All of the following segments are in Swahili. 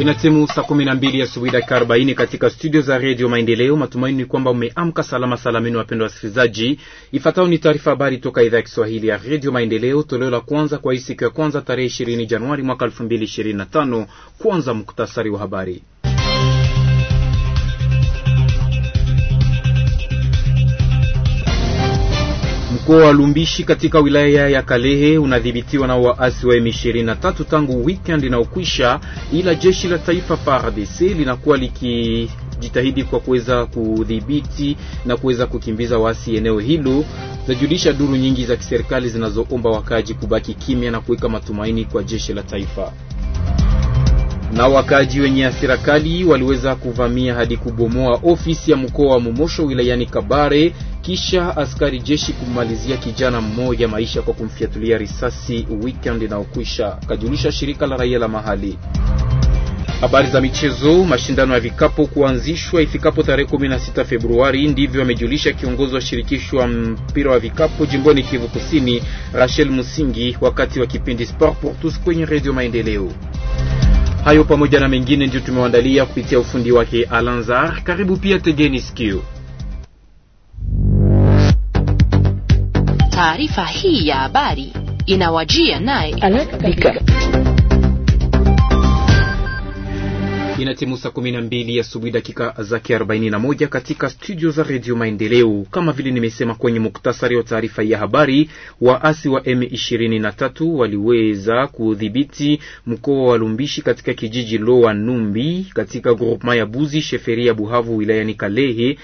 Inatimu saa kumi na mbili asubuhi dakika arobaini katika studio za redio Maendeleo. Matumaini ni kwamba umeamka salama salamini, wapendwa wasikilizaji. ifuatao ni taarifa habari toka idhaa ya Kiswahili ya redio Maendeleo, toleo la kwanza kwa hii siku ya kwanza tarehe ishirini Januari mwaka elfu mbili ishirini na tano. Kwanza muktasari wa habari. Mkoa wa Lumbishi katika wilaya ya Kalehe unadhibitiwa na waasi wa M23 tangu weekend inayokwisha, ila jeshi la taifa FARDC linakuwa likijitahidi kwa kuweza kudhibiti na kuweza kukimbiza waasi eneo hilo. Zajulisha duru nyingi za kiserikali zinazoomba wakaaji kubaki kimya na kuweka matumaini kwa jeshi la taifa. Na wakaji wenye hasira kali waliweza kuvamia hadi kubomoa ofisi ya mkoa wa Momosho wilayani Kabare, kisha askari jeshi kumalizia kijana mmoja maisha kwa kumfiatulia risasi weekend inayokwisha, kajulisha shirika la raia la mahali. Habari za michezo. Mashindano ya vikapo kuanzishwa ifikapo tarehe 16 Februari, ndivyo amejulisha kiongozi wa shirikisho wa mpira wa vikapo jimboni Kivu Kusini, Rachel Musingi, wakati wa kipindi Sport pour tous kwenye Radio Maendeleo. Hayo pamoja na mengine ndio tumewaandalia kupitia ufundi wake Alanzar. Karibu pia, tegeni sikio taarifa hii ya habari inawajia naye Inatimu saa kumi na mbili asubuhi dakika zake arobaini na moja katika studio za redio Maendeleo. Kama vile nimesema kwenye muktasari wa taarifa ya habari, waasi wa M23 waliweza kudhibiti mkoa wa Lumbishi katika kijiji Loa Numbi katika groupema ya Buzi Sheferia Buhavu wilayani Kalehe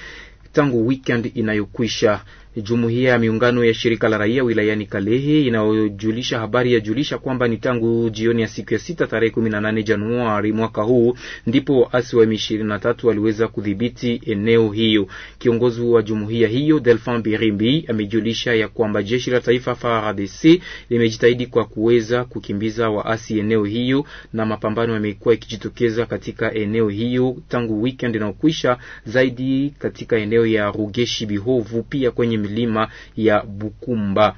tangu weekend inayokwisha. Jumuiya ya miungano ya shirika la raia wilayani Kalehe inayojulisha habari yajulisha kwamba ni tangu jioni ya siku ya sita tarehe kumi na nane Januari mwaka huu ndipo waasi wa M23 waliweza kudhibiti eneo hiyo. Kiongozi wa jumuiya hiyo Delfin Birimbi amejulisha ya kwamba jeshi la taifa FARDC limejitahidi kwa kuweza kukimbiza waasi eneo hiyo, na mapambano yamekuwa ikijitokeza katika eneo hiyo tangu weekend inaokwisha, zaidi katika eneo ya Rugeshi Bihovu, pia kwenye milima ya Bukumba.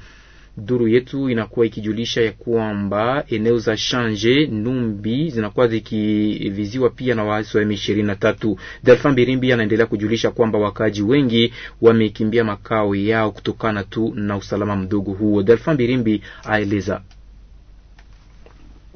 Duru yetu inakuwa ikijulisha ya kwamba eneo za Shanje Numbi zinakuwa zikiviziwa pia na waasi wa M23. Delfa Birimbi anaendelea kujulisha kwamba wakaji wengi wamekimbia makao yao kutokana tu na usalama mdogo huo. Delfa Birimbi aeleza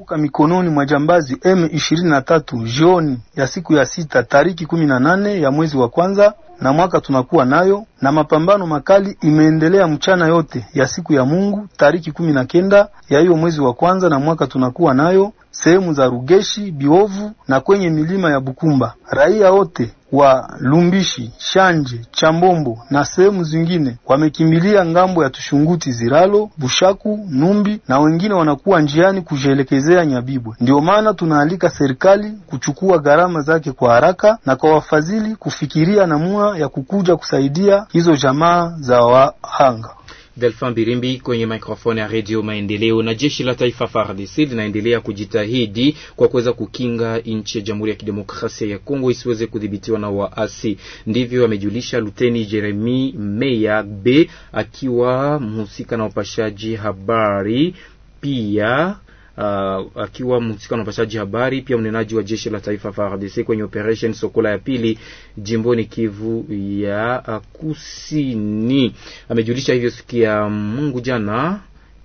kuanguka mikononi mwa jambazi M23 jioni ya siku ya sita tariki kumi na nane ya mwezi wa kwanza na mwaka tunakuwa nayo, na mapambano makali imeendelea mchana yote ya siku ya Mungu tariki kumi na kenda ya hiyo mwezi wa kwanza na mwaka tunakuwa nayo, sehemu za Rugeshi, Biovu na kwenye milima ya Bukumba. Raia wote wa Lumbishi, Shanje, Chambombo na sehemu zingine wamekimbilia ngambo ya Tushunguti, Ziralo, Bushaku, Numbi na wengine wanakuwa njiani kujielekezea Nyabibwe. Ndiyo maana tunaalika serikali kuchukua gharama zake kwa haraka na kwa wafadhili kufikiria namna ya kukuja kusaidia hizo jamaa za wahanga. Delfin Birimbi kwenye mikrofoni ya Redio Maendeleo. Na jeshi la taifa FARDC linaendelea kujitahidi kwa kuweza kukinga nchi ya Jamhuri ya Kidemokrasia ya Kongo isiweze kudhibitiwa na waasi. Ndivyo amejulisha Luteni Jeremi Meya B akiwa mhusika na upashaji habari pia uh, akiwa mhusika na upashaji habari, pia mnenaji wa jeshi la taifa FARDC kwenye operation Sokola ya pili jimboni Kivu ya Kusini. Amejulisha hivyo siku ya Mungu jana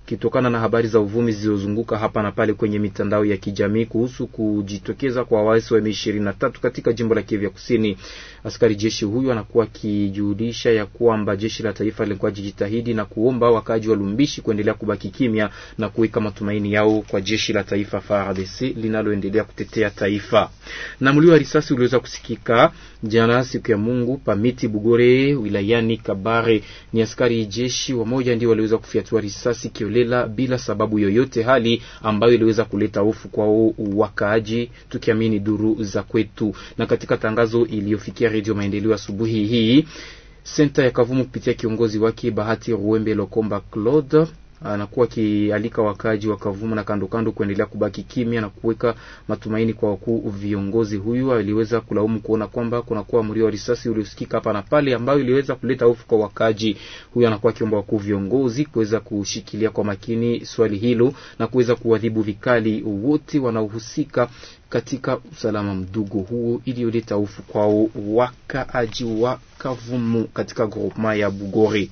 Kitokana na habari za uvumi zilizozunguka hapa na pale kwenye mitandao ya kijamii kuhusu kujitokeza kwa waasi wa M23 katika jimbo la Kivu Kusini, askari jeshi huyu anakuwa akijulisha ya kwamba jeshi la taifa lilikuwa jijitahidi na kuomba wakaaji wa Lumbishi kuendelea kubaki kimya na kuweka matumaini yao kwa jeshi la taifa FARDC linaloendelea kutetea taifa. Na mlio wa risasi uliweza kusikika jana siku ya Mungu pamiti Bugore wilayani Kabare. Ni askari jeshi wamoja ndio waliweza kufiatua risasi kiole kiholela bila sababu yoyote, hali ambayo iliweza kuleta hofu kwao wakaaji, tukiamini duru za kwetu. Na katika tangazo iliyofikia Redio Maendeleo asubuhi hii, senta ya Kavumu kupitia kiongozi wake Bahati Ruwembe Lokomba Claude anakuwa akialika wakaji wa Kavumu na kando kando kuendelea kubaki kimya na kuweka matumaini kwa wakuu viongozi. Huyu aliweza kulaumu kuona kwamba kunakuwa mlio wa risasi uliosikika hapa na pale, ambayo iliweza kuleta hofu kwa wakaji Huyu anakuwa akiomba wakuu viongozi kuweza kushikilia kwa makini swali hilo na kuweza kuadhibu vikali wote wanaohusika katika usalama mdogo huo iliyoleta hofu kwao wakaaji wa Kavumu katika groupema ya Bugore.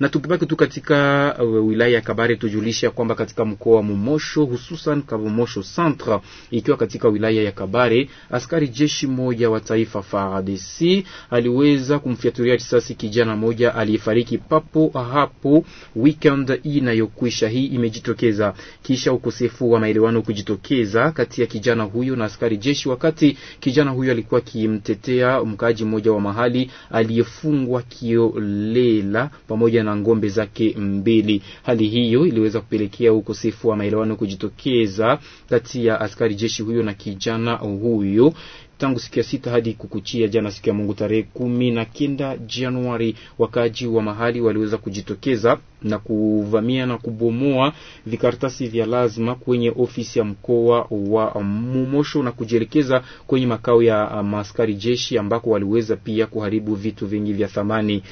Na tukibaki tu katika uh, wilaya ya Kabare, tujulisha kwamba katika mkoa wa Mumosho hususan Kavumosho Centre ikiwa katika wilaya ya Kabare, askari jeshi moja wa taifa FARDC aliweza kumfiaturia risasi kijana moja aliyefariki papo hapo weekend inayokwisha. Hii imejitokeza kisha ukosefu wa maelewano kujitokeza kati ya kijana huyo na askari jeshi, wakati kijana huyo alikuwa akimtetea mkaaji mmoja wa mahali aliyefungwa kiolela pamoja na ngombe zake mbili. Hali hiyo iliweza kupelekea ukosefu wa maelewano kujitokeza kati ya askari jeshi huyo na kijana huyo tangu siku ya sita hadi kukuchia jana siku ya Mungu tarehe kumi na kenda Januari, wakaaji wa mahali waliweza kujitokeza na kuvamia na kubomoa vikaratasi vya lazima kwenye ofisi ya mkoa wa Mumosho na kujielekeza kwenye makao ya ah, maaskari jeshi ambako waliweza pia kuharibu vitu vingi vya thamani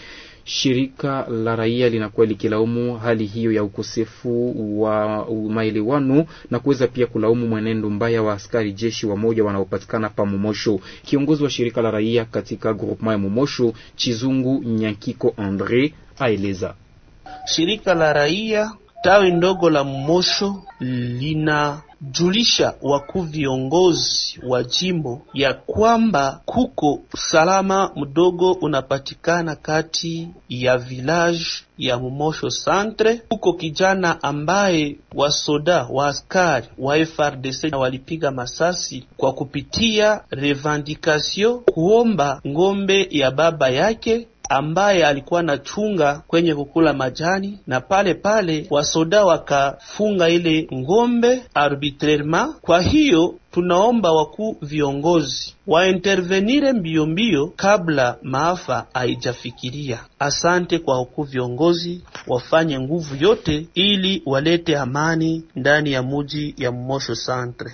shirika la raia linakuwa likilaumu hali hiyo ya ukosefu wa maelewano na kuweza pia kulaumu mwenendo mbaya wa askari jeshi wamoja wanaopatikana pa Momosho. Kiongozi wa shirika la raia katika groupement ya Momosho, Chizungu Nyankiko Andre, aeleza shirika la raia Tawi ndogo la Mosho linajulisha wakuu viongozi wa jimbo ya kwamba kuko usalama mdogo unapatikana kati ya village ya mumosho Centre. Kuko kijana ambaye wasoda wa askari wa FRDC na walipiga masasi kwa kupitia revendication kuomba ng'ombe ya baba yake ambaye alikuwa anachunga kwenye kukula majani, na pale pale wasoda wakafunga ile ngombe arbitrairement. Kwa hiyo tunaomba wakuu viongozi waintervenire mbio mbio kabla maafa haijafikiria. Asante kwa wakuu viongozi, wafanye nguvu yote ili walete amani ndani ya muji ya Mmosho Centre.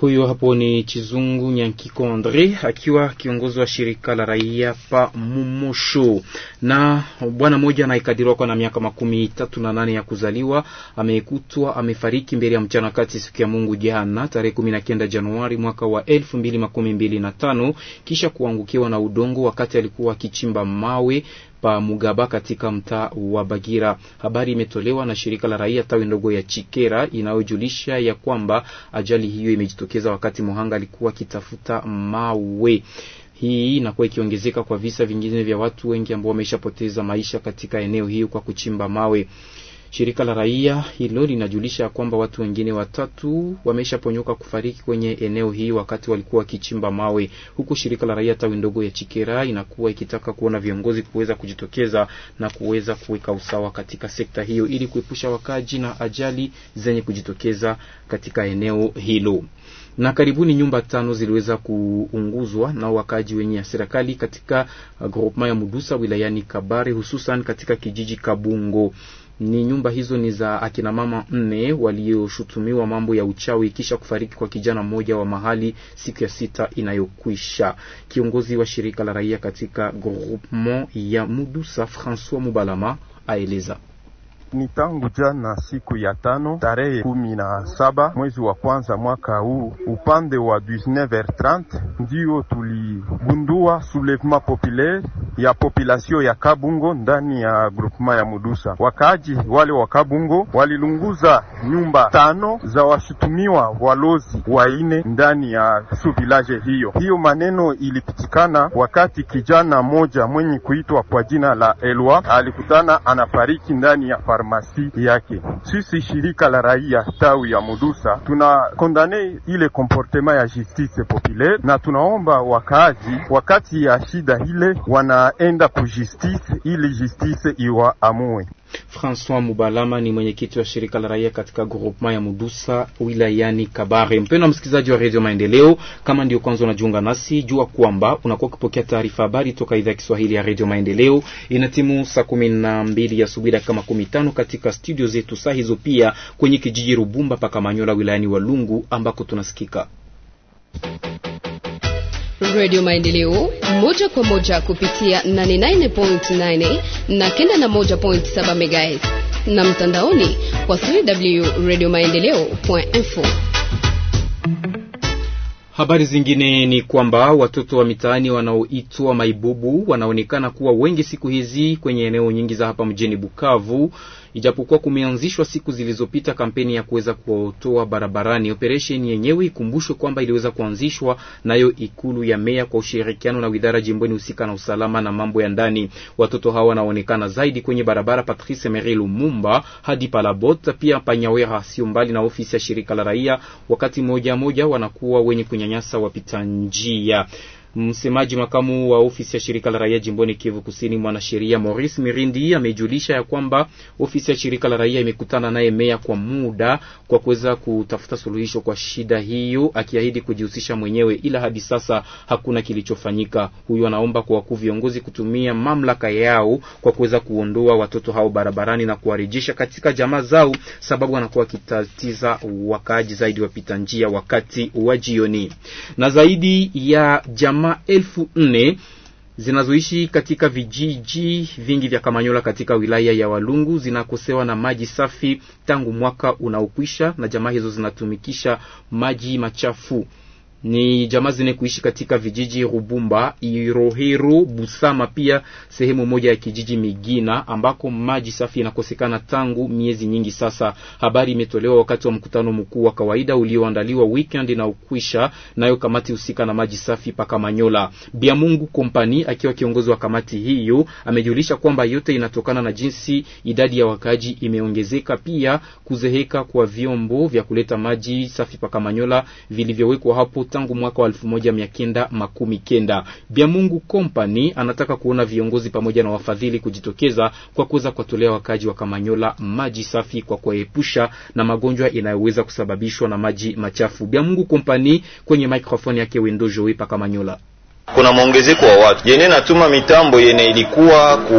Huyo hapo ni Chizungu Nyankiko Andre akiwa kiongozi wa shirika la raia pa Mumosho. Na bwana mmoja anayekadiriwa kwa na miaka makumi tatu na nane ya kuzaliwa amekutwa amefariki mbele ya mchana kati siku ya Mungu jana tarehe kumi na kenda Januari mwaka wa elfu mbili makumi mbili na tano kisha kuangukiwa na udongo wakati alikuwa akichimba mawe pa Mugaba katika mtaa wa Bagira. Habari imetolewa na shirika la raia tawi ndogo ya Chikera inayojulisha ya kwamba ajali hiyo imejitokeza wakati muhanga alikuwa akitafuta mawe. Hii inakuwa ikiongezeka kwa visa vingine vya watu wengi ambao wameshapoteza maisha katika eneo hiyo kwa kuchimba mawe. Shirika la raia hilo linajulisha kwamba watu wengine watatu wameshaponyoka kufariki kwenye eneo hii wakati walikuwa wakichimba mawe, huku shirika la raia tawi ndogo ya Chikera inakuwa ikitaka kuona viongozi kuweza kujitokeza na kuweza kuweka usawa katika sekta hiyo ili kuepusha wakaji na ajali zenye kujitokeza katika eneo hilo na karibuni nyumba tano ziliweza kuunguzwa na wakaaji wenye serikali katika uh, groupement ya Mudusa wilayani Kabare, hususan katika kijiji Kabungo. Ni nyumba hizo ni za akina mama nne walioshutumiwa mambo ya uchawi kisha kufariki kwa kijana mmoja wa mahali siku ya sita inayokwisha. Kiongozi wa shirika la raia katika groupement ya Mudusa François Mubalama aeleza ni tangu jana siku ya tano tarehe kumi na saba mwezi wa kwanza mwaka huu upande wa 19 30 ndio tuligundua soulevement populaire ya population ya Kabungo ndani ya groupement ya Mudusa. Wakaaji wale wa Kabungo walilunguza nyumba tano za washutumiwa walozi waine ndani ya suvilaje hiyo. Hiyo maneno ilipitikana wakati kijana moja mwenye kuitwa kwa jina la Elwa alikutana anafariki ndani ya farm farmasi yake. Sisi shirika la raia tawi ya Mudusa tunakondane ile komportema ya justice populaire, na tunaomba wakaaji wakati ya shida ile wanaenda ku justice ili justice iwaamue. François Mubalama ni mwenyekiti wa shirika la raia katika groupement ya Mudusa wilayani Kabare. Mpendwa msikilizaji wa Radio Maendeleo, kama ndio kwanza unajiunga nasi, jua kwamba unakuwa ukipokea taarifa habari toka idhaa ya Kiswahili ya Radio Maendeleo. Inatimu saa kumi na mbili asubuhi dakika makumi tano katika studio zetu, saa hizo pia kwenye kijiji Rubumba paka Manyola wilayani Walungu ambako tunasikika Redio Maendeleo moja kwa moja kupitia 89.9 na 17 MHz na mtandaoni kwa www.radiomaendeleo.info. Habari zingine ni kwamba watoto wa mitaani wanaoitwa maibubu wanaonekana kuwa wengi siku hizi kwenye eneo nyingi za hapa mjini Bukavu Ijapokuwa kumeanzishwa siku zilizopita kampeni ya kuweza kuotoa barabarani, operesheni yenyewe ikumbushwe kwamba iliweza kuanzishwa nayo ikulu ya meya kwa ushirikiano na widhara jimboni husika na usalama na mambo ya ndani. Watoto hawa wanaonekana zaidi kwenye barabara Patrice Emery Lumumba hadi Palabot, pia Panyawera, sio mbali na ofisi ya shirika la raia. Wakati moja moja wanakuwa wenye kunyanyasa wapita njia. Msemaji makamu wa ofisi ya shirika la raia jimboni Kivu Kusini, mwanasheria Maurice Mirindi amejulisha ya kwamba ofisi ya shirika la raia imekutana naye meya kwa muda kwa kuweza kutafuta suluhisho kwa shida hiyo, akiahidi kujihusisha mwenyewe, ila hadi sasa hakuna kilichofanyika. Huyu anaomba kwa wakuu viongozi kutumia mamlaka yao kwa kuweza kuondoa watoto hao barabarani na kuwarejesha katika jamaa zao, sababu wanakuwa wakitatiza wakaaji zaidi wapita njia wakati wa jioni na zaidi ya jamaa kama elfu nne zinazoishi katika vijiji vingi vya Kamanyola katika wilaya ya Walungu zinakosewa na maji safi tangu mwaka unaokwisha, na jamaa hizo zinatumikisha maji machafu ni jamaa zine kuishi katika vijiji Rubumba, Irohiru, Busama, pia sehemu moja ya kijiji Migina ambako maji safi yanakosekana tangu miezi nyingi sasa. Habari imetolewa wakati wa mkutano mkuu wa kawaida ulioandaliwa weekend na ukwisha nayo kamati husika na maji safi paka Manyola. Biamungu Kompani akiwa kiongozi wa kamati hiyo amejulisha kwamba yote inatokana na jinsi idadi ya wakaji imeongezeka, pia kuzeheka kwa vyombo vya kuleta maji safi paka Manyola vilivyowekwa hapo tangu mwaka wa elfu moja mia kenda makumi kenda. Byamungu Company anataka kuona viongozi pamoja na wafadhili kujitokeza kwa kuweza kuwatolea wakaji wa Kamanyola maji safi kwa kuwaepusha na magonjwa inayoweza kusababishwa na maji machafu. biamungu Company kwenye microphone yake Wendo Joe pa Kamanyola kuna mwongezeko wa watu yene natuma mitambo yene ilikuwa ku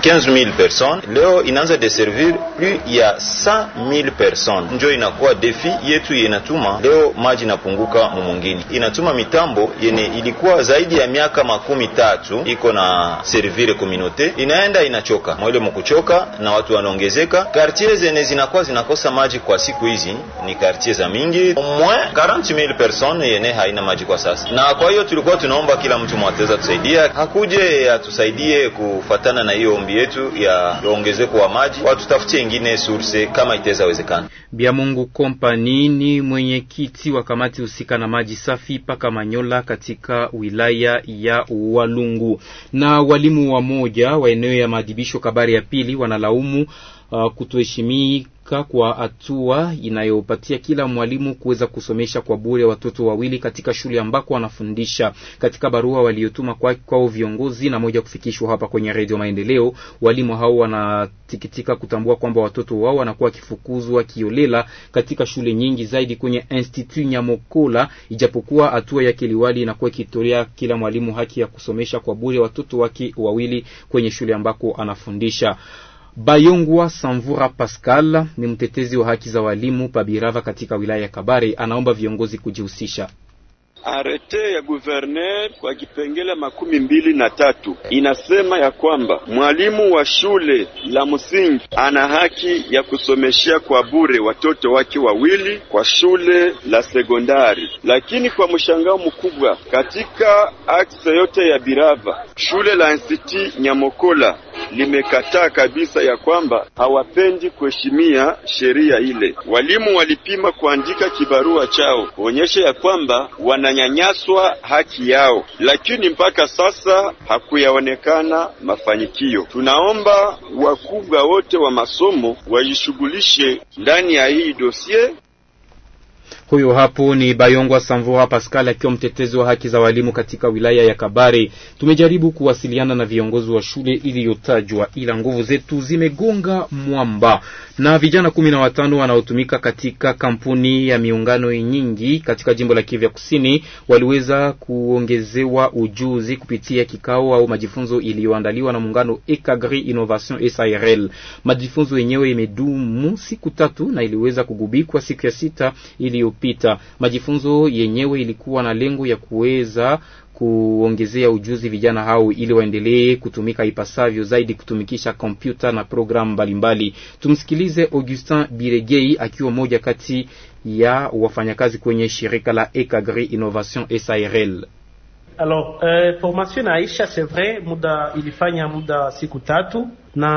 15000 person leo inaanza deservir plus ya 100000 person njo inakuwa defi yetu yenatuma leo maji inapunguka mumungini. Inatuma mitambo yene ilikuwa zaidi ya miaka makumi tatu iko na servire communauté, inaenda inachoka mwele mukuchoka na watu wanaongezeka. Kartier zene zinakuwa zinakosa maji kwa siku hizi ni kartier za mingi, mwe 40000 person yene haina maji kwa sasa, na kwa hiyo tulikuwa tunaomba kila kila mtu mwataweza tusaidia, hakuje atusaidie kufatana na hiyo ombi yetu ya ongezeko wa maji, watutafutie ingine source kama itaweza wezekana. Biamungu Kompani ni mwenyekiti wa kamati husika na maji safi paka Manyola katika wilaya ya Walungu. Na walimu wa moja wa eneo ya maadhibisho Kabari ya pili wanalaumu uh, kutoheshimika kwa hatua inayopatia kila mwalimu kuweza kusomesha kwa bure watoto wawili katika shule ambako wanafundisha. Katika barua waliotuma kwao kwa viongozi na moja kufikishwa hapa kwenye Redio Maendeleo, walimu hao wanatikitika kutambua kwamba watoto wao wanakuwa wakifukuzwa kiolela katika shule nyingi zaidi kwenye Institut Nyamokola, ijapokuwa hatua ya kiliwali inakuwa ikitolea kila mwalimu haki ya kusomesha kwa bure watoto wake wawili kwenye shule ambako anafundisha. Bayongwa Samvura Pascal ni mtetezi wa haki za walimu pabirava katika wilaya ya Kabare, anaomba viongozi kujihusisha. Arete ya guverner kwa kipengele makumi mbili na tatu inasema ya kwamba mwalimu wa shule la msingi ana haki ya kusomeshea kwa bure watoto wake wawili kwa shule la sekondari. Lakini kwa mshangao mkubwa, katika akse yote ya Birava, shule la Institut Nyamokola limekataa kabisa ya kwamba hawapendi kuheshimia sheria ile. Walimu walipima kuandika kibarua chao kuonyesha ya kwamba wana wananyanyaswa haki yao, lakini mpaka sasa hakuyaonekana mafanikio. Tunaomba wakubwa wote wa masomo wajishughulishe ndani ya hii dosie huyo hapo ni Bayongwa Samvora Pascal akiwa mtetezi wa haki za walimu katika wilaya ya Kabare. Tumejaribu kuwasiliana na viongozi wa shule iliyotajwa, ila nguvu zetu zimegonga mwamba. Na vijana kumi na watano wanaotumika katika kampuni ya miungano nyingi katika jimbo la Kivu Kusini waliweza kuongezewa ujuzi kupitia kikao au majifunzo iliyoandaliwa na muungano Ecagri Innovation SARL. Majifunzo yenyewe imedumu siku tatu na iliweza kugubikwa siku ya sita iliyo iliyopita. Majifunzo yenyewe ilikuwa na lengo ya kuweza kuongezea ujuzi vijana hao ili waendelee kutumika ipasavyo zaidi kutumikisha kompyuta na programu mbalimbali. Tumsikilize Augustin Biregei akiwa mmoja kati ya wafanyakazi kwenye shirika la Ecagri Innovation SARL. Alors, eh, formation inaisha, c'est vrai, muda ilifanya muda siku tatu na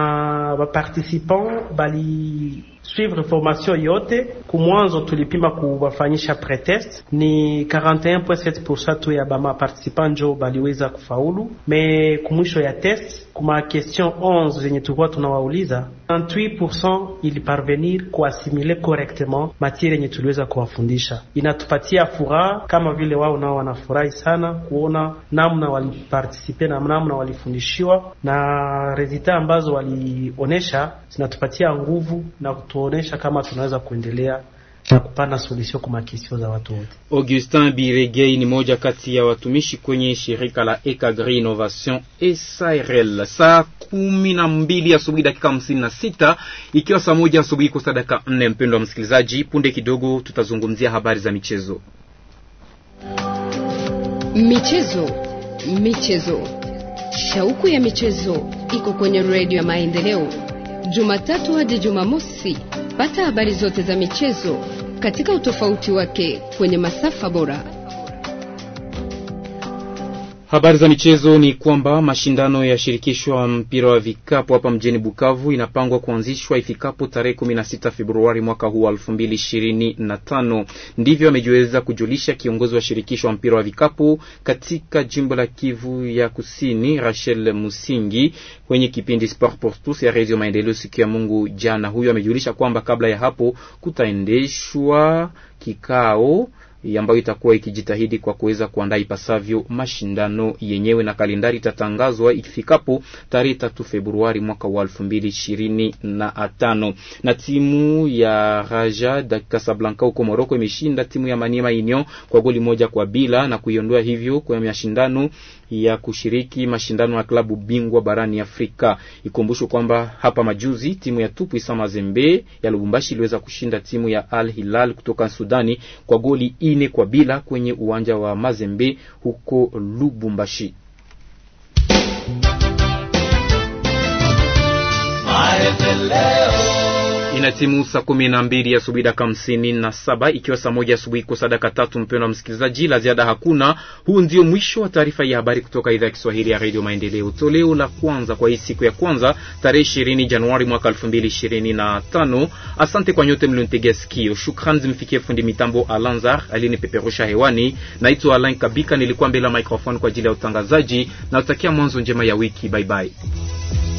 waparticipant bali suivre formation yote. Kumwanzo tulipima kuwafanyisha pretest, ni 41.7% tu ya bama participant njo baliweza kufaulu, me kumwisho ya test kuma question 11 zenye tulikuwa tunawauliza 28% iliparvenir kuasimile correctement matière yenye tuliweza kuwafundisha. Inatupatia furaha kama vile wao nao wanafurahi sana kuona namna walipartisipe na namna walifundishiwa na resultat ambazo walionesha, zinatupatia nguvu na kutu kutuonesha kama tunaweza kuendelea na kupana solution kwa makisio za watu wote. Augustin Biregei ni moja kati ya watumishi kwenye shirika la Ecagri Innovation SRL. Saa kumi na mbili asubuhi dakika hamsini na sita ikiwa saa moja asubuhi kosa dakika nne. Mpendo wa msikilizaji, punde kidogo tutazungumzia habari za michezo. Michezo, michezo, shauku ya michezo iko kwenye redio ya Maendeleo Jumatatu hadi Jumamosi. Pata habari zote za michezo katika utofauti wake kwenye masafa bora. Habari za michezo ni kwamba mashindano ya shirikisho ya mpira wa vikapu hapa mjini Bukavu inapangwa kuanzishwa ifikapo tarehe 16 Februari mwaka huu wa 2025. Ndivyo amejiweza kujulisha kiongozi wa shirikisho ya mpira wa vikapu katika jimbo la Kivu ya Kusini, Rachel Musingi, kwenye kipindi Sport pour tous ya Radio Maendeleo siku ya Mungu jana. Huyo amejulisha kwamba kabla ya hapo kutaendeshwa kikao ambayo itakuwa ikijitahidi kwa kuweza kuandaa ipasavyo mashindano yenyewe, na kalendari itatangazwa ifikapo tarehe tatu Februari mwaka wa elfu mbili ishirini na tano. Na timu ya Raja da Casablanca huko Moroko imeshinda timu ya Maniema Union kwa goli moja kwa bila na kuiondoa hivyo kwa mashindano ya kushiriki mashindano ya klabu bingwa barani Afrika. Ikumbushwe kwamba hapa majuzi timu ya Tupu Isa Mazembe ya Lubumbashi iliweza kushinda timu ya Al Hilal kutoka Sudani kwa goli nne kwa bila kwenye uwanja wa Mazembe huko Lubumbashi. Ina timu saa kumi na mbili asubuhi dakika hamsini na saba ikiwa saa moja asubuhi kwa sadaka tatu. Mpendwa msikilizaji, la ziada hakuna. Huu ndio mwisho wa taarifa ya habari kutoka idhaa ya Kiswahili ya Radio Maendeleo, toleo la kwanza kwa hii siku ya kwanza tarehe ishirini Januari mwaka elfu mbili ishirini na tano. Asante kwa nyote mlionitegea sikio. Shukrani zimfikie fundi mitambo Alanzar alinipeperusha hewani. Naitwa Alain Kabika, nilikuwa mbele ya microphone kwa ajili ya utangazaji na utakia mwanzo njema ya wiki. bye bye.